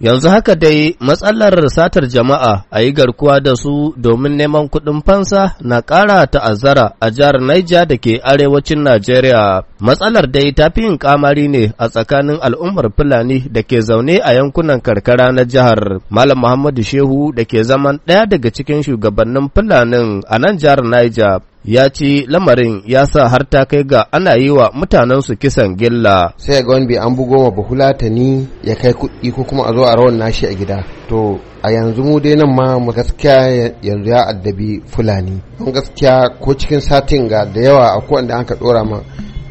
Yanzu haka dai matsalar satar jama'a a yi garkuwa da su domin neman kuɗin fansa na ƙara ta'azzara a jihar Naija da ke arewacin Najeriya. Matsalar dai ta fi yin kamari ne a tsakanin al'ummar Fulani da ke zaune a yankunan karkara na jihar. Malam Muhammadu Shehu da ke zaman ɗaya daga cikin shugabannin Fulanin a nan jihar Naija ya ce lamarin ya sa har ta kai ga ana yi wa mutanensu kisan gilla sai ga wani an bugo ma bahula ta ni ya kai kuɗi ko kuma a zo a rawan nashi a gida to a yanzu mu dai nan ma mu gaskiya yanzu ya addabi fulani mun gaskiya ko cikin satin ga da yawa a wanda an ka dora ma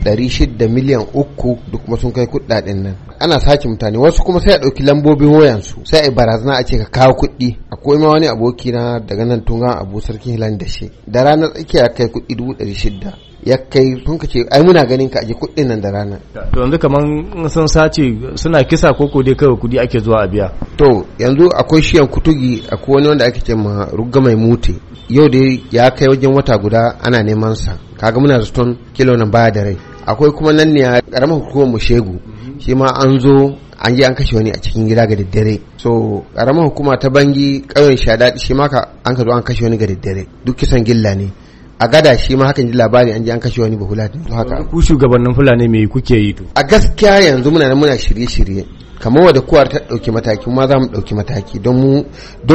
ɗari shida miliyan uku duk kuma sun kai kuɗaɗen nan ana sace mutane wasu kuma sai a ɗauki lambobin wayansu sai a barazana a ce ka kawo kuɗi akwai ma wani aboki na daga nan tunga abu sarkin hilani da shi da ranar ya kai kuɗi dubu ɗari shida ya kai sun ka ce ai muna ganin ka aje kuɗin nan da rana to yanzu kaman sun sace suna kisa ko ko dai kawai kuɗi ake zuwa a biya to yanzu akwai shiyan kutugi akwai wani wanda ake ce ma rugga mai mute yau da ya kai wajen wata guda ana neman sa kaga muna zaton kilo nan baya da rai akwai kuma nan ne a karamar hukumar mu shegu shi ma an zo an je an kashe wani a cikin gida ga daddare so karamar hukuma ta bangi ƙauyen shadaɗi shi maka an ka zo an kashe wani ga daddare duk kisan gilla ne a gada shi ma hakan ji labari an je an kashe wani bahula haka ku shugabannin fulani me kuke yi to a gaskiya yanzu muna muna shirye-shirye kamar wadda kuwar ta ɗauki mataki ma za mu ɗauki mataki don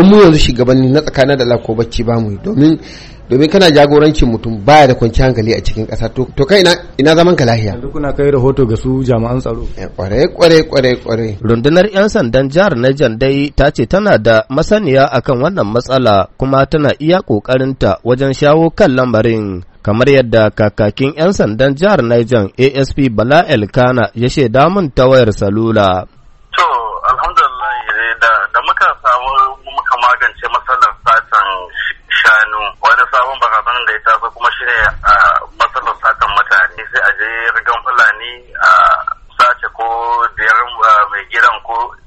mu yanzu shugabanni na tsakanin da ko bacci ba mu domin domin kana jagorancin mutum baya da kwanciyar hankali a cikin ƙasa to kai ina zaman ka lahiya yanzu kuna kai rahoto ga su jami'an tsaro kware eh, kware kware kware rundunar yan sandan jihar Niger dai ta ce tana da masaniya akan wannan matsala kuma tana iya ta wajen shawo kan lamarin kamar yadda kakakin 'yan sandan jihar Niger ASP Bala Elkana ya shaida mun ta wayar salula. muka samu muka magance matsalar satan shanu wani sabon barazanar da ya taso kuma shi ne matsalar satan mutane sai a je rigan fulani a sace ko biyar mai gidan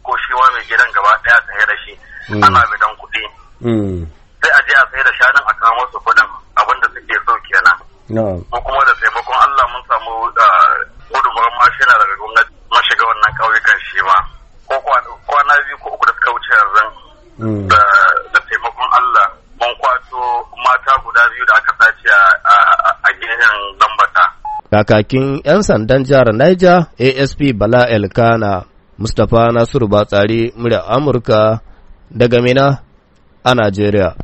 ko shi wa mai gidan gaba daya tsaye da shi mm. ana bidan kuɗi mm. sai a je a sai da shanun a kawo su kuɗin abinda suke so kenan ko kuma da taimakon Allah mun samu gudunmawar mashina daga gwamnati mashiga wannan ƙauyukan shi ma kwana biyu ko uku da suka wuce yanzu hmm. da taimakon Allah mun kwato mata guda biyu da aka sace a gehen lambata. Kakakin 'yan sandan jihar Niger ASP Bala Elkana Mustapha Nasiru Batsari murya Amurka daga Mina a Najeriya.